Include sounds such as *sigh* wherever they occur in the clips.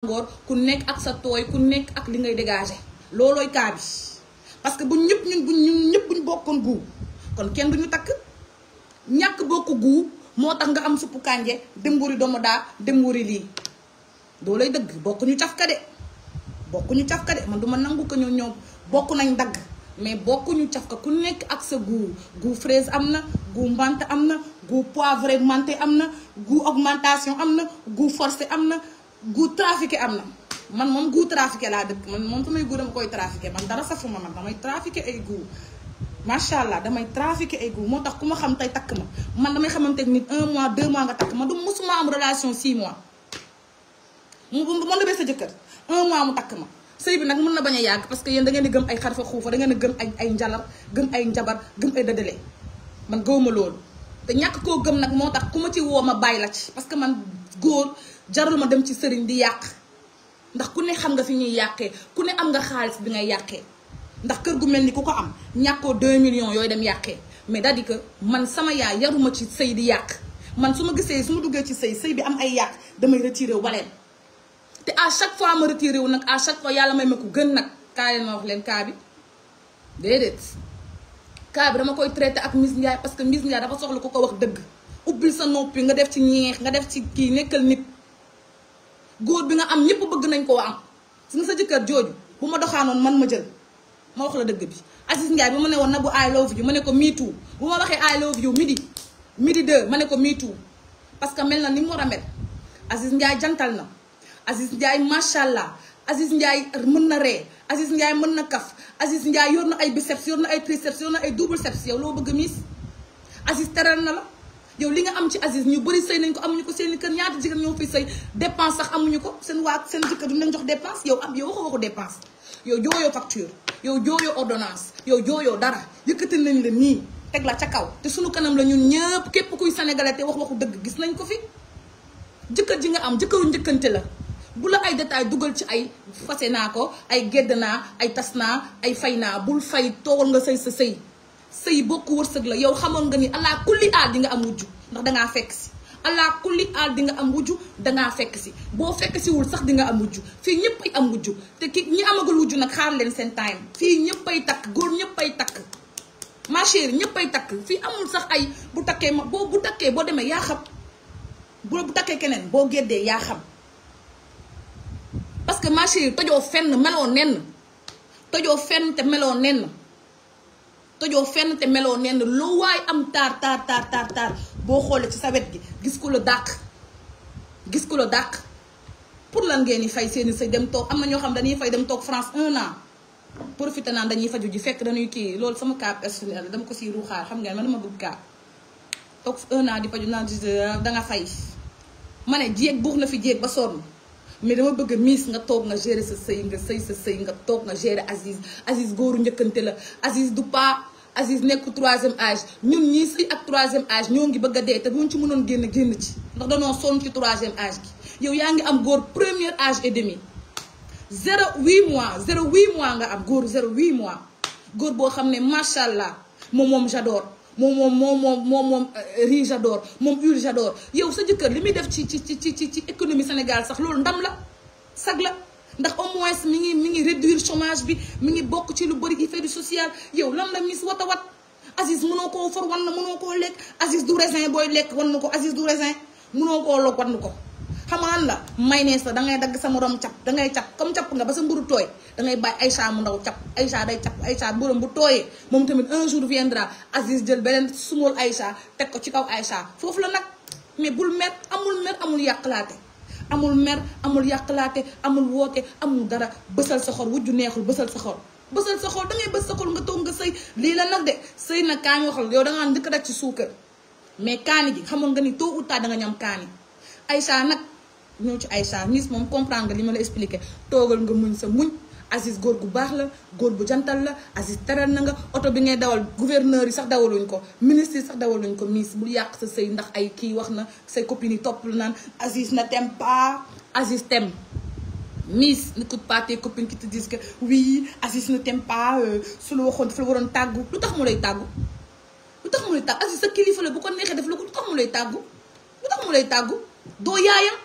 ngoor ku nekk ak sa tooy ku nekk ak li ngay dégagé loolooy kaa parce que bu ñëpp ñun bu ñun ñëpp buñ bokkoon guu kon kenn duñu takk ñàkk bokk guu moo tax nga am suppu kànje dem wuri daa dem wuri lii lay dëgg bokk ñu cafka de bokk ñu man duma nangu ko ñoo ñoom bokk nañ dagg mais bokkuñu cafka ku nekk ak sa goût guu fraise am na goût menthe am na goût poivré menthe am na goût augmentation am na goût forcé am na guut trafiqué am na man moom guut trafiqué laa dëkk man moom samay guut dama koy trafiqué man dara safuma man damay trafiqué ay guut macha allah damay trafiqué ay guut moo tax ku ma xam tey takk ma man damay xamante nit un mois deux mois nga takk ma du mosuma am relation six mois mu mën la bee sa jëkkër un mois mu takk ma sëy bi nag mën na bañ a yàgg parce que yéen da ngeen di gëm ay xarfa xuufa da ngeen di gëm ay ay njalar gëm ay njabar gëm ay dëdële man gëwuma loolu te ñàkk koo gëm nag moo tax ku ma ci woo ma bàyyi la ci parce que man góor jarul ma dem ci sëriñ di yàq ndax ku ne xam nga fi ñuy yàqee ku ne am nga xaalis bi ngay yàqee ndax kër gu mel ni ku ko am ñàkkoo 2 millions yooy dem yàqee mais daal di que man sama yaay yaruma ci sëy di yàq man su ma gisee su ma duggee ci sëy sëy bi am ay yàq damay retiré waleen te à chaque fois ma retiré wu nag à chaque fois yàlla may ma ko gën nag kaa leen ma wax leen kaa bi déedéet kaa bi dama koy traité ak Miss Ndiaye parce que Miss Ndiaye dafa soxla ku ko wax dëgg ubbil sa noppi nga def ci ñeex nga def ci kii nekkal nit góor bi nga am ñëpp bëgg nañ koo am su nga sa jëkkër jooju bu ma doxaanoon man ma jël ma wax la dëgg bi Aziz Ndiaye bi ma ne woon na bu I love you ma ne ko me too bu ma waxee I love you midi midi deux ma ne ko me too parce que mel na ni mu war a mel jantal na Aziz Ndiaye macha allah Aziz Ndiaye mën na ree Aziz Ndiaye mën na kaf Aziz Ndiaye yor ay biceps yor na ay triceps yor na ay double ceps yow loo bëgg miis Aziz teral na la yow li nga am ci Aziz ñu bëri sëy nañ ko amuñu ko seen i kër ñaata jigéen ñoo fay sëy dépense sax amuñu ko seen waa seen jëkkër duñ leen jox dépense yow am yow waxoo waxu dépense yow jooyoo facture yow jooyoo ordonnance yow jooyoo dara yëkkati nañ la nii teg la ca kaw te suñu kanam la ñun ñëpp képp kuy sénégalais te wax waxu dëgg gis nañ ko fi jëkkër ji nga am jëkkëru njëkkante la bu la ay détail dugal ci ay fase naa ko ay gedd naa ay tas naa ay fay naa bul fay toogal nga sëy sa sëy sëy bokku wërsëg la yow xamoon nga ni allah kulli aal di nga am wujju ndax dangaa fekk si allah kulli aal di nga am wujju dangaa fekk si boo fekk si sax di nga am wujju fii ñëpp ay am wujju te ki ñi amagul wujju nag xaar leen seen time fii ñëpp ay takk góor ñëpp ay takk ma chérie ñëpp ay takk fii amul sax ay bu takkee ma boo bu takkee boo demee yaa xam bu bu takkee keneen boo géddee yaa xam parce que ma chérie tojoo fenn meloo nenn tojoo fenn te meloo nenn tojoo fenn te meloo nenn loo waay am taar taar taar taar boo xoolee ci sa gi gis ku la dàq gis ku la dàq pour lan ngeen di fay seeni sa dem toog am na ñoo xam dañuy fay dem toog France un an profité naan dañuy faju ji fekk dañuy kii loolu sama cas personnel dama ko si ruuxaar xam ngeen man dama bëgg cas toog un an di faju naan danga fay ma ne jéeg buux na fi jéeg ba sonn mais dama bëgg miis nga toog nga gérer sa sëy nga sëy sa sëy nga toog nga gérer Aziz Aziz góoru njëkkante la Aziz du pas Aziz nekk troisième âge ñun ñii si ak troisième âge ñoo ngi bëgg a dee te buñ ci mënoon génn génn ci ndax danoo sonn ci troisième âge gi yow yaa ngi am góor première âge et demi zéro huit mois zéro huit mois nga am góor zéro huit mois góor boo xam ne macha allah moom moom j'adore moom moom moom moom moom moom euh, riz moom huile j'adore yow sa jëkkër li muy def ci ci ci ci ci économie Sénégal sax loolu ndam la sag la. ndax au moins mi ngi mi ngi réduire chômage bi mi ngi bokk ci lu bëri yi fait du social yow lan la mis wat a wat Aziz mënoo koo for wan na mënoo koo lekk Aziz du raisin booy lekk wan na ko Aziz du raisin mënoo koo log wan na ko xamaan la may mayonnaise la da ngay dagg sama morom cap da ngay cap comme cap nga ba sa mburu tooy da ngay bàyyi Aïcha mu ndaw cap Aïcha day cap Aïcha mburam bu tooyee moom tamit un jour viendra Aziz jël beneen sumool Aïcha teg ko ci kaw Aïcha foofu la nag mais bul met amul met amul yàqlaate amul mer amul yàqalaate amul woote amul dara bësal sa xol wujju neexul bësal sa xol bësal sa xol da bës sa xol nga toog nga sëy lii la nag de sëy na kaani waxal yow da nga ndëkk rek ci suukar mais kaani gi xamoon nga ni tôt ou tard da nga ñam kaani Aïcha nag ñëw ci Aïcha miss moom comprendre nga li ma la expliqué toogal nga muñ sa muñ Aziz góor gu baax la góor bu jantal la Aziz teral na nga oto bi ngay dawal gouverneur yi sax dawaluñ ko ministre yi sax dawaluñ ko miis bul yàq sa sëy ndax ay kii wax na say copines yi topp lu naan Aziz na tem pas Aziz tem miis n'écoute pas tes copines qui te disent que oui Aziz ne t'aime euh, su la waxoon daf la waroon tàggu lu tax mu lay tàggu lu tax mu lay tàggu sa kilifa la bu ko neexee def la ko mu lay tàggu lu tax tàggu doo yaayam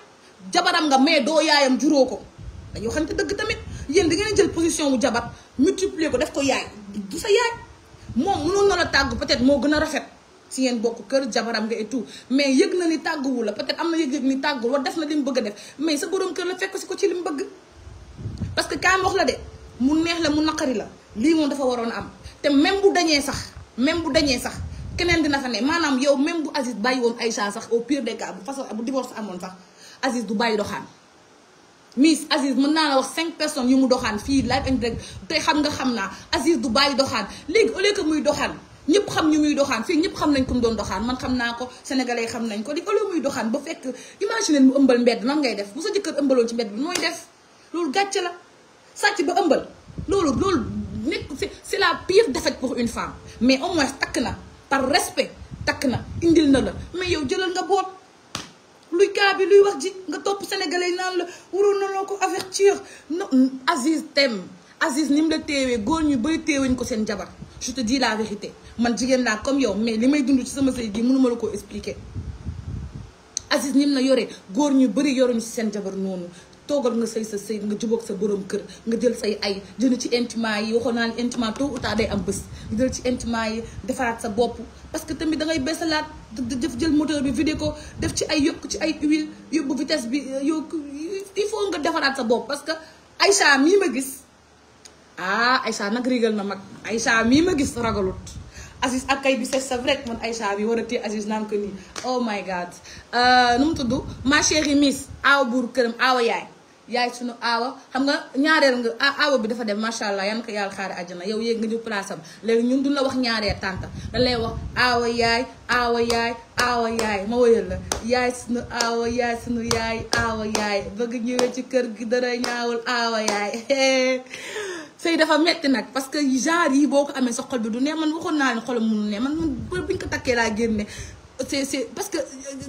jabaram nga mais doo yaayam juróo ko dañu waxante dëgg tamit yéen di ngeen jël position wu jabar multiplier ko def ko yaay du sa yaay moom mënoon na la tàggu peut-être moo gën a rafet si ngeen bokk kër jabaram nga et mais yëg na ni tàgguwu la peut-être am na yëg-yëg ni tàggu wa def na li bëgg a def mais sa borom kër la fekk si ko ci li mu bëgg parce que kaam la de mu neex la mu naqari la lii moom dafa waroon am te même bu dañee sax même bu dañee sax keneen dina fa ne maanaam yow même bu Aziz bàyyi woon Aïcha sax au pire des cas bu amoon sax Aziz du bàyyi doxaan Miss Aziz mun naa la wax cinq personnes yu mu doxaan fii live and direct te xam nga xam naa Aziz du bàyyi doxaan léegi au lieu que muy doxaan ñëpp xam ñu muy doxaan fii ñëpp xam nañ ko mu doon doxaan man xam naa ko sénégalais xam nañ ko léegi au lieu muy doxaan ba fekk imagine mu ëmbal mbedd nan ngay def bu sa jëkkër ëmbaloon ci mbedd bi mooy def loolu gàcce la sàcc ba ëmbal loolu loolu nekk c'est la pire défaite pour une femme mais au moins takk na par respect takk na indil na la mais yow jëlal nga boot luy kaa bi luy wax ji nga topp sénégalais yi naan la waroon na loo ko avertir non Aziz tem Aziz ni mu la teewee góor ñu bay teewuñ ko seen jabar je te dis la vérité man jigéen laa comme yow mais li may dund ci sama sëy gi mënuma la koo expliquer Aziz ni na yore góor ñu bëri yoruñu ci seen jabar noonu toogal nga sëy sa sëy nga jubóog sa borom kër nga jël say ay jënd ci intimat yi waxoon naa ne intimat tôt ou tard day am bés nga jël ci intimat yi defaraat sa bopp parce que tamit da ngay beesalaat def jël moteur bi vidé ko def ci ay yokk ci ay huile yóbbu vitesse bi euh, yokk il faut nga defaraat sa bopp parce que Aïcha mii ma gis ah Aïcha nag rigal na mag ay Aïcha mii ma gis ragalut Aziz ak kay bi c'est vrai ay Aïcha bi war a te Aziz naan ko nii oh my god euh, nu mu tudd ma chérie miss aaw buur këram aawa yaay yaay sunu aawa xam nga ñaareel nga aawa bi dafa dem macha allah yan ko yàlla xaare àjjana yow yéeg nga ñu place am léegi ñun duñ la wax ñaareel tànta dañ lay wax aawa yaay aawa yaay aawa yaay ma woyal la yaay sunu aawa yaay sunu yaay aawa yaay bëgg ñëwee ci kër gi dara ñaawul aawa yaay *laughs* sëy dafa metti nag parce que genre yi boo ko amee sa xol bi du ne man waxoon naa leen xolam mënu ne man man buñ ko takkee laa génne c'est c'est parce que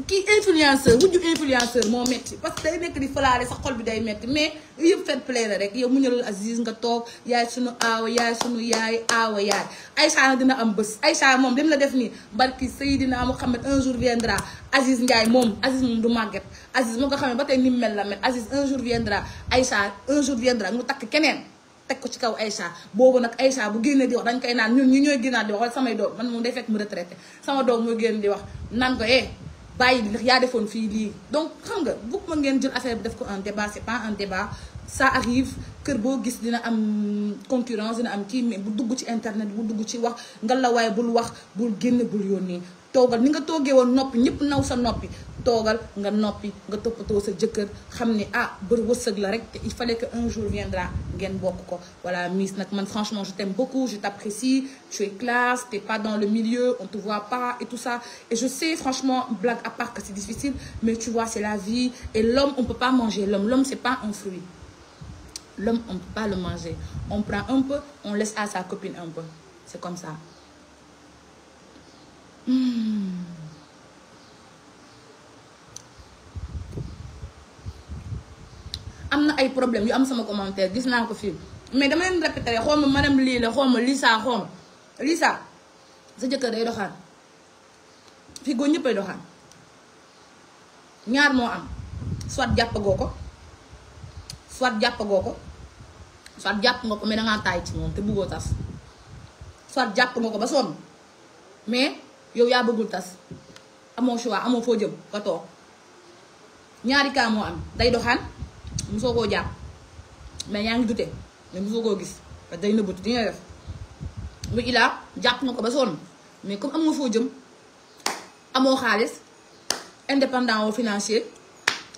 kii influenceur wujju influenceur moo metti parce que day nekk di falaale sa xol bi day metti mais yëpp fair play la rek yow mu ñëlul Aziz nga toog yaay sunu aawa yaay sunu yaay aawa yaay Aïcha nag dina am bés Aïcha moom lim la def nii barki Seydina Mouhamed un jour viendra Aziz Ndiaye moom Aziz moom du màgget Aziz moo nga xam ne ba tey ni mel la mel Aziz un jour viendra Aïcha un jour viendra mu takk keneen teg ko ci kaw Aïcha boobu nag Aïcha bu génnee di wax dañ naan ñun ñu ñooy génnaat di wax wala samay doom man moom day fekk mu retraité di wax nan ko eh bàyyi ndax yaa defoon fii lii donc xam nga bëgg ma ngeen jël affaire bi def ko un débat c'est pas un débat ça arrive kër boo gis dina am concurrence dina am kii mais bu dugg ci internet bu dugg ci wax nga la waaye bul wax bul génn bul yónnee toogal ni nga toogee woon noppi ñëpp naw sa noppi toogal nga noppi nga toppatoo sa jëkkër xam ne ah bër wërsëg la rek te il fallait que un jour viendra ngeen bokk ko voilà Miss nag man franchement je t'aime beaucoup je t'apprécie tu es classe t'es pas dans le milieu on te voit pas et tout ça et je sais franchement blague à part que c'est difficile mais tu vois c'est la vie et l'homme on peut pas manger l'homme c'est pas un fruit l'homme on peut pas le manger on prend un peu on laisse à sa copine un peu c'est comme am na ay problème yu am sama commentaire gis naa ko fii mais dama leen répété xaw ma madame lii la xaw ma Lisa xaw ma Lisa sa jëkkër day doxaan fii góor ñëppay doxaan ñaar moo am soit jàppagoo ko soit jàppagoo ko soit jàpp nga ko mais dangaa taay ci moom te bëggoo tas soit jàpp nga ko ba sonn mais yow yaa bëggul tas amoo choix amoo foo jëm nga toog ñaari cas moo am day doxaan mosoo koo jàpp mais yaa ngi dute mais mosoo koo gis parce que day nëbbatu di nga def bu ilaa jàpp nga ko ba sonn mais comme am nga foo jëm amoo xaalis indépendant woo financier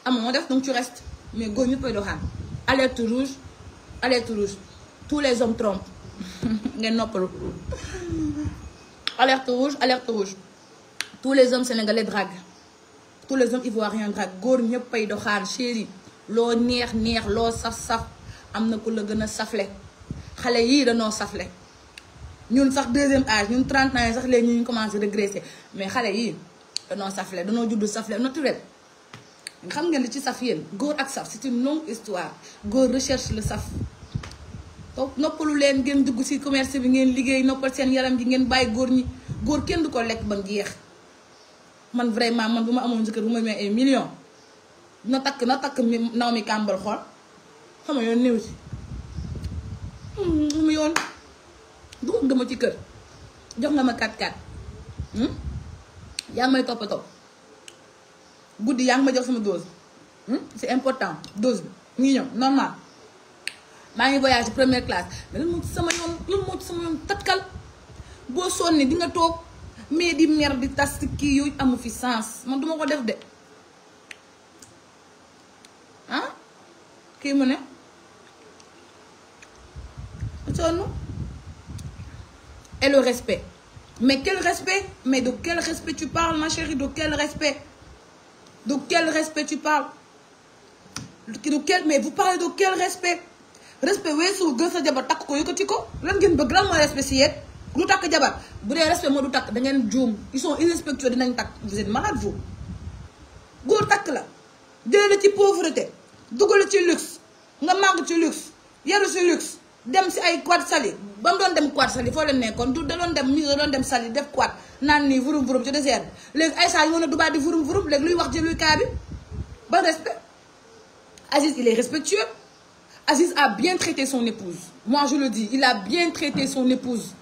amoo def donc ci rest mais góor ñëppay doxaan alerte rouge alerte rouge tous les hommes trompent *laughs* ngeen noppalu alerte rouge alerte rouge tous les hommes sénégalais draguent tous les hommes ivoiriens draguent góor ñëppay doxaan chéri loo neex neex loo saf-saf am na ku la gën a safle xale yii danoo safle ñun sax deuxième âge ñun trent ans yi sax léegi ñu commencé régresser mais xale yii danoo safle danoo judd safle naturel xam ngeen li ci saf yéen góor ak saf c'est une longue histoire góor recherche le saf noppalu leen ngeen dugg ci commerce bi ngeen liggéey noppal seen yaram ji ngeen bàyyi góor ñi góor kenn du ko lekk ba mu jeex man vraiment man bu ma amoon jëkkër bu ma may ay millions na takk na takk mi naw mi kàmbal xool sama yoon néew si hmm, mu yoon dugg nga ma ci kër jox nga ma kat-kat hmm? yaa ngi may toppatoo guddi yaa ngi ma jox sama dose hmm? c'est important dose bi mu ngi ñëw normal maa ngi voyage première classe mais lan moo sama yoon lan moo ci sama yoon takkal boo sonni di nga toog mais di mer di tas kii yooyu amu fi sens man duma ko def de kii mu ne sonn et le respect mais quel respect mais de quel respect tu parles ma chérie de quel respect de quel respect tu parles de quel mais vous parlez de quel respect respect weesu gën sa jabar takk ko yëkkati ko lan ngeen bëgg lan mooy respect si ku du takk jabar bu dee respect moo du takk da ngeen juum ils sont irrespectueux dinañ takk vous êtes malade vous góor takk la jëlee la ci pauvreté. dugal ci luxe nga màgg ci luxe yaru ci luxe dem si ay quad sali ba mu doon dem quad sali foo leen nekkoon du da doon dem mi da doon dem sali def quad naan nii vurum vurum ci désert léegi ay saa yi mën a Dubaï di vurum vurum léegi luy wax jëluy kaa bi ba respect Aziz il est respectueux Aziz a bien traité son épouse moi je le dis il a bien traité son épouse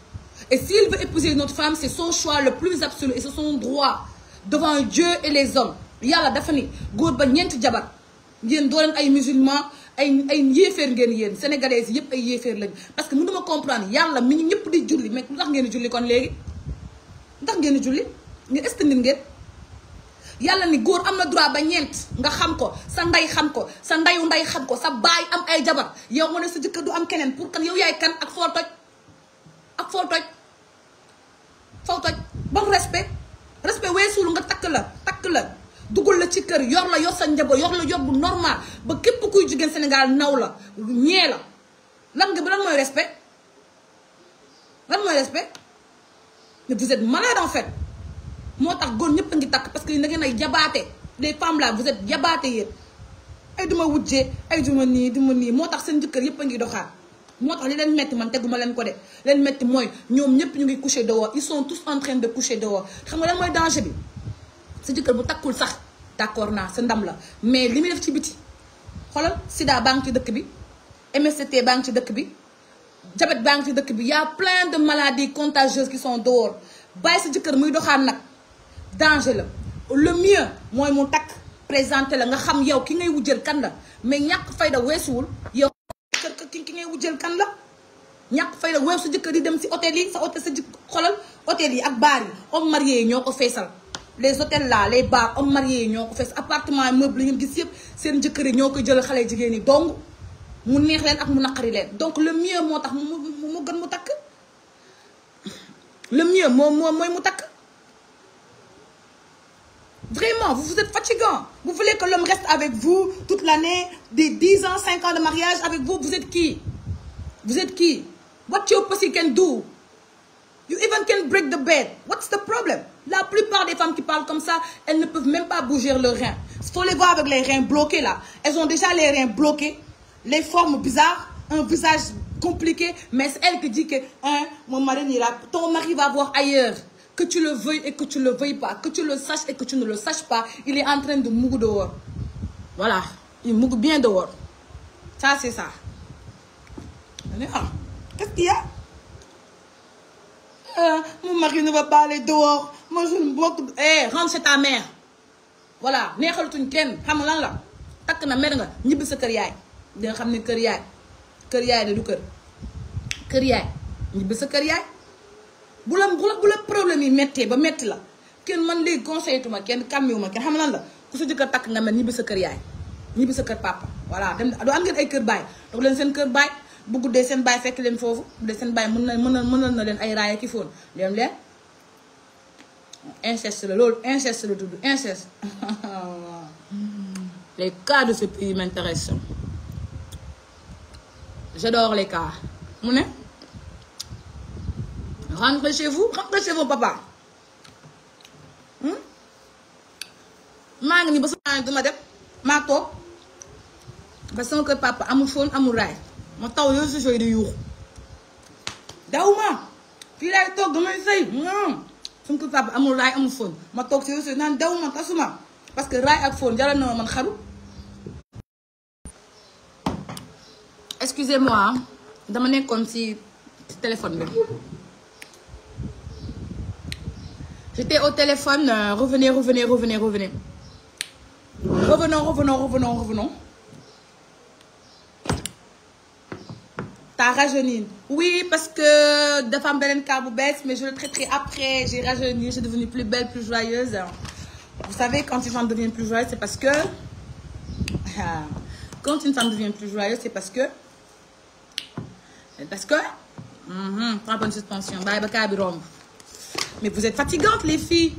et s'il veut épouser une autre femme c'est son choix le plus absolu et c'est son droit et les hommes yàlla dafa góor ba ñeenti jabar ngeen doo leen ay musulman ay ay yéeféer ngeen yéen sénégalais yi yëpp ay yéeféer lañ parce que mu mënuma comprendre yàlla mi ñu ñëpp di julli mais lu tax ngeen julli kon léegi lu tax ngeen julli nga estandil ngeen yàlla ni góor am na droit ba ñeent nga xam ko sa nday xam ko sa ndayu nday xam ko sa baay am ay jabar yow ma ne sa jëkkër du am keneen pour kan yow yaay kan ak foo toj ak foo toj foo toj bon respect respect weesuul nga takk la takk la dugal la ci kër yor la yor sa njaboot yor la yor bu ba képp kuy jigéen Sénégal naw la ñee la lan nga ba lan mooy respect lan mooy respect mais vous êtes malade en fait moo tax góor ñëpp a ngi takk parce que da ngeen ay jabaate les femmes là vous êtes jabaate yéen ay duma wujjee ay duma nii duma nii moo tax seen jëkkër yëpp a ngi doxaat moo tax li leen metti man teguma leen ko de leen metti mooy ñoom ñëpp ñu ngi coucher dehors ils sont tous en train de coucher dehors xam nga lan mooy danger bi sa jëkkër bu takkul sax d'accord naa sa ndam la mais li muy def ci biti xoolal sida baa ngi ci dëkk bi MST banque ci dëkk bi diabète baa ngi ci dëkk bi y a plein de maladies contagieuses qui sont dehors bàyyi sa jëkkër muy doxaan nag danger la le mieux mooy mu takk présenté la nga xam yow ki ngay wujjal kan la mais ñàkk fayda weesuwul yow ki ki ngay wujjal kan la ñàkk fayda weesu sa jëkkër yi dem si hôtel yi sa hôtel sa jëkk xolal hôtel yi ak baar yi homme marié yi ñoo ko feesal les hôtels là les bars hommes mariés yi ñoo ko fees appartement meuble yi ngeen gis yëpp seen jëkkër yi ñoo ko jël xale jigéen ñi dong mu neex leen ak mu naqari leen donc le mieux moo tax mu mu gën mu takk le mieux moo moo mooy mu takk vraiment vous vous êtes fatigant vous voulez que l'homme reste avec vous tout l'année des dix ans cinq ans de mariage avec vous vous êtes qui vous êtes qui what your pussy can do you even can break the bed what's the problem La plupart des femmes qui parlent comme ça, elles ne peuvent même pas bouger le rein. Il faut les voir avec les reins bloqués là. Elles ont déjà les reins bloqués, les formes bizarres, un visage compliqué, mais c'est elle qui dit que hein, mon mari n'ira ton mari va voir ailleurs. Que tu le veuilles et que tu le veuilles pas, que tu le saches et que tu ne le saches pas, il est en train de mourir dehors. Voilà, il mouille bien dehors. c'est ça. Qu'est-ce qu'il y man suñu mbokk eh rentre chez voilà neexalatuñ kenn xam lan la takk na mer nga ñibbi sa kër yaay di nga xam ne kër yaay kër yaay de du kër kër yaay ñibbi sa kër yaay bu la bu la bu la problème yi méttee ba metti la kenn man léegi conseillé tuma kenn kàmmiwu ma kenn xam lan la ku sa jëkkër takk nga mer ñibbi sa kër yaay ñibbi sa kër papa voilà dem do am ngeen ay kër baay dox leen seen kër baay bu guddee seen baay fekk leen foofu bu dee seen baay mën na mën na mënal na leen ay raaya ki foon dem leen inceste la loolu inceste la tudd inceste *laughs* les cas de ce pays m'intéressent j'adore les cas mu ne rentrez chez vous rentrez chez vous papa hmm? maa ngi nii ba sama duma dem maa toog ba sama kër papa amul foon amul raay ma taw yooyu sociaux yi di yuuxu dawuma fii laay toog damay sëy moom suñu portable amul raay amul phone ma toog si naan dew ma tasuma parce que raay ak phone jaral na ma man xaru. excusez-moi dama nekkoon si si téléphone bi. j'étais au téléphone euh, revenez revenez revenez revenez revenons revenons revenons ça rajeunit oui parce que dafa am beneen cas bu bees mais je le traiterai après j'ai rajeuni j'ai devenu plus belle plus joyeuse vous savez quand une femme devient plus joyeuse c'est parce que *laughs* quand une femme devient plus joyeuse c'est parce que parce que trois mm-hmm, bonnes suspensions bàyyi ba cas mais vous êtes fatigantes les filles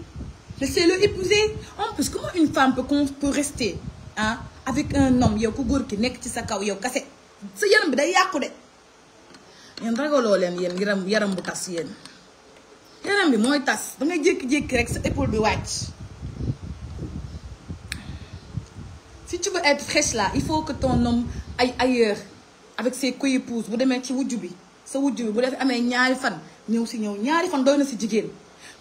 laissez-le épouser en plus comment une femme peut qu'on peut rester ah avec un homme yow ku góor ki nekk ci sa kaw yow kase sa yaram yéen ragaloo leen yéen yaram yaram bu tas yéen yaram bi mooy tas da ngay jékki-jékki rek sa épaule bi wàcc si tu veux être fraîche là il faut que ton homme aille ailleurs avec ses coépouses bu demee ci wujju bi sa wujju bi bu def amee ñaari fan ñëw si ñëw ñaari fan doy na si jigéen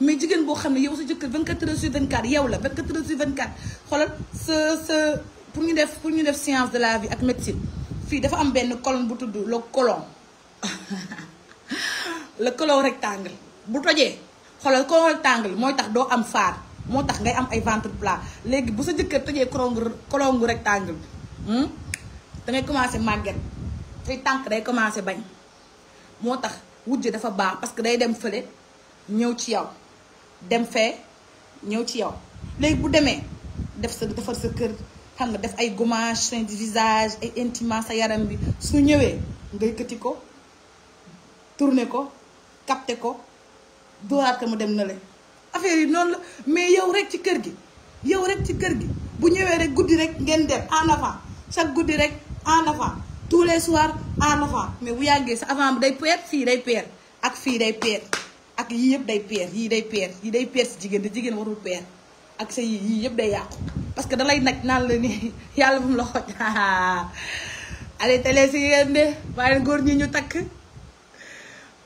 mais jigéen boo xam ne yow sa jëkkër 24 heures sur 24 yow la 24 heures sur 24 xoolal sa sa pour ñu def pour ñu def science de la vie ak médecine fii dafa am benn colonne bu tudd le colon *laughs* lëkkaloo rectangle bu tojee xoolal ko rectangle mooy tax doo am faar moo tax ngay am ay ventre plat léegi bu sa jëkkër tojee kolongu kolongu rectangle bi hmm, da ngay commencé màgget say tànk day commencé bañ moo tax wujje dafa baax parce que day dem fële ñëw ci yow dem fee ñëw ci yow léegi bu demee def sa defar sa kër xam nga def ay gommage soin du visage ay intima sa yaram bi su ñëwee nga yëkkati ko tourné ko capté ko dooraat ko mu dem na le affaire yi noonu la mais yow rek ci kër gi yow rek ci kër gi bu ñëwee rek guddi rek ngeen dem en avant chaque guddi rek en avant tous les soirs en avant mais bu yàggee sa avant day peer fii day peer ak fii day peer ak yii yëpp day peer yii day peer yii day peer si jigéen te jigéen warul peer ak sa yii yii yëpp day yàqu parce que dalay nag naan la ni *laughs* yàlla bu mu la xoj *laughs* allez télé si yéen de waaye góor ñi ñu takk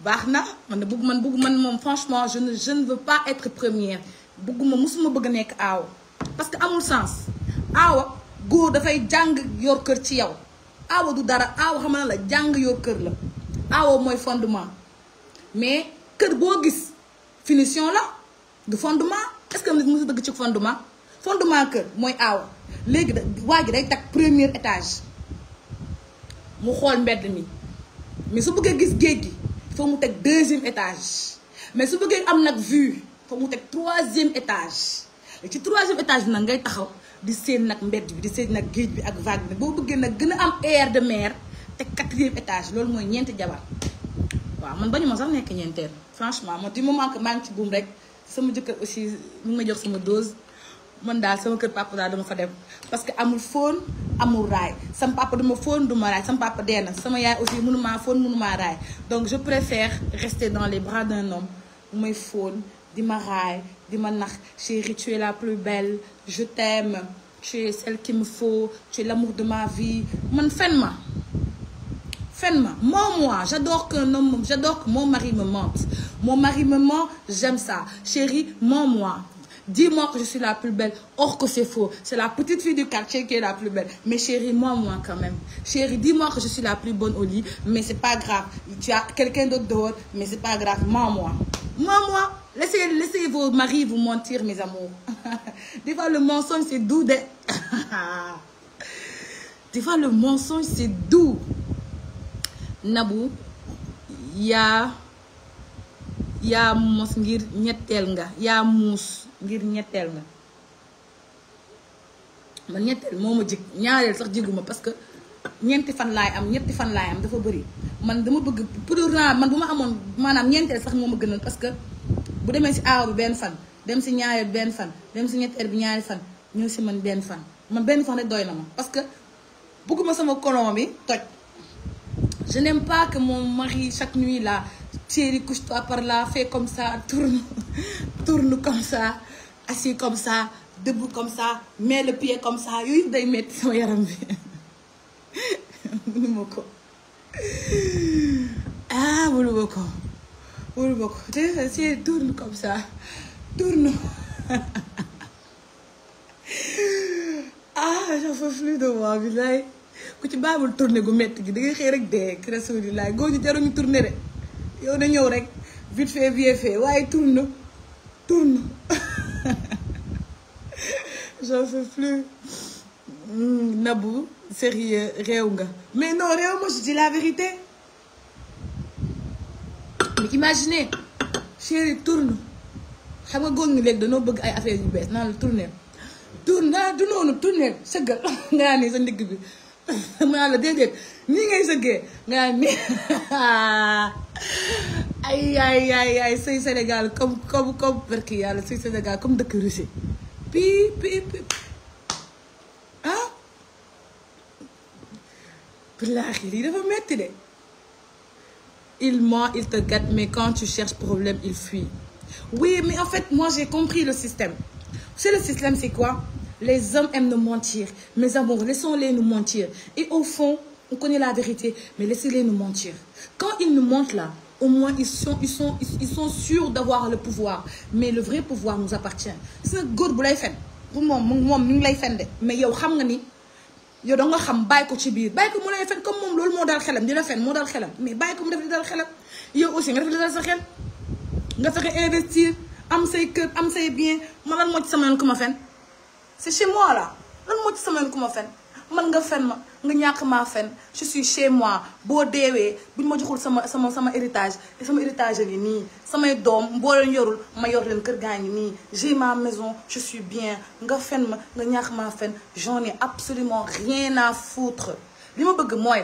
baax na man bëgg man bëgg man moom franchement je ne je ne veux pas être première bëgguma musuma bëgg nekk aaw parce que amul sens aawa góor dafay jàng yor kër ci yow aawa du dara aawa xam na la jàng yor kër la aawa mooy fondement mais kër boo gis finition la du fondement est-ce que nit mësu dëgg ci fondement fondement kër mooy aawa léegi da waa ji day takk premier étage mu xool mbedd mi mais su bëggee gis géej gi foo mu teg deuxième étage mais su bëggee am nag vue foo mu teg troisième étage ci troisième étage nag ngay taxaw di seen nag mbedd bi di seen nag géej bi ak vague bi boo bëggee nag gën a am air de mer teg quatrième étage loolu mooy ñeenti jabar waaw man bañu ma sax nekk ñeenteel franchement man du moment que maa ngi buum rek sama jëkkër aussi mun ngi jox sama dose man daal sama kër papa daal dama fa dem parce que amul fóon amul raay sama papa duma fóon duma raay sama papa dee na sama yaay aussi mënumaa fóon mënumaa raay donc je préfère rester dans les bras d'un homme mooy fóon di ma raay di ma nax chérie tu la plus belle je t'aime tu celle qu'il me faut tu l'amour de ma vie man fen ma fen ma ment moi j'adore que mon mari me mente mon mari me ment j'aime ça chérie ment moi Dis-moi que je suis la plus belle. Or que c'est faux. C'est la petite fille du quartier qui est la plus belle. Mais chérie, moi, moi quand même. Chérie, dis-moi que je suis la plus bonne au lit. Mais c'est pas grave. Tu as quelqu'un d'autre dehors. Mais c'est pas grave. Moi, moi. Laissez, laissez vos maris vous mentir, mes amours. De... *laughs* Des *laughs* le mensonge, c'est doux. Nabou, yaa yaa mos ngir ñetteel nga yaa ngir ñetteel ma man ñetteel moo ma jig ñaareel sax jiguma parce que ñeenti fan laay am ñetti fan laay am dafa bëri man dama bëgg pourtant man bu ma amoon maanaam ñeenteel sax moo ma gënal parce que bu demee si aaw bi benn fan dem si ñaareel benn fan dem si ñetteel bi ñaari fan ñëw si man benn fan man benn fan rek doy na ma parce que bëgguma sama colon bi toj je n'aime pas que mon mari chaque nuit là chérie couche-toi par là fais comme ça tourne *laughs* assis comme ça debout comme ça mets le pied comme ça yooyu day metti sama yaram bi mënuma ko ah mënuma ko mënuma ko te si tourne comme ça tourne ah j'en peux plus de bi lay ku ci baabul tourné gu metti gi da ngay xëy rek dee créso di laay góor ñu jaruñu tourné de yow na ñëw rek vite fait bien fait waaye tourne tourne j'en sais plus. Hmm, réew nga mais non réew ma je dis la vérité imaginez chérie tourne xam nga góor ñi léegi dañoo bëgg ay affaires yu bees naan la tourner tourne ah du noonu tourner sëggal *laughs* nga nii sa ndigg bi *laughs* mu la déedéet nii ngay sëggee nga nii *laughs* ay ay Sénégal comme comme comme barki yàlla say Sénégal comme dëkk Russie piip piip piip ah bilaahi lii dafa metti de il ment il te gâte mais quand tu cherches problème il fuit oui mais en fait moi j'ai compris le système c'est le système c'est quoi les hommes aiment nous mentir mes amours laissons-les nous mentir et au fond on connaît la vérité mais laissez-les nous mentir quand ils nous mentent là au moins ils sont ils sont ils sont sûrs d'avoir le pouvoir mais le vrai pouvoir nous appartient gis nga góor bu lay fen bu moom moom mi ngi lay fen de mais yow xam nga ni yow da xam bàyyi ko ci biir bàyyi ko mu lay fen comme moom loolu moo dal xelam di la fen moo dal xelam mais bàyyi ko mu def di dal xelam yow aussi nga def di dal sa xel nga fexe investir am say kër am say bien ma lan moo ci sama yoon ku ma fen c'est chez moi là moo ci sama yoon ku ma fen man nga fen ma nga ñàkk maa fen je suis chez moi boo deewee bu ñu ma joxul sama sama sama héritage sama héritage ngi nii samay doom boo leen yorul ma yor leen kër gaa ngi nii j'ai ma maison je bien nga fen ma nga ñàkk maa fen j'en ai absolument rien à foutre li ma bëgg mooy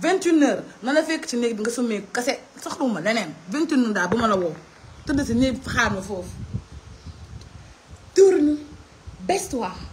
21 heures na la fekk ci néeg bi nga sumee kase ma leneen 21 heures daal bu ma la woo tëdd si néeg bi xaar ma foofu tourne baisse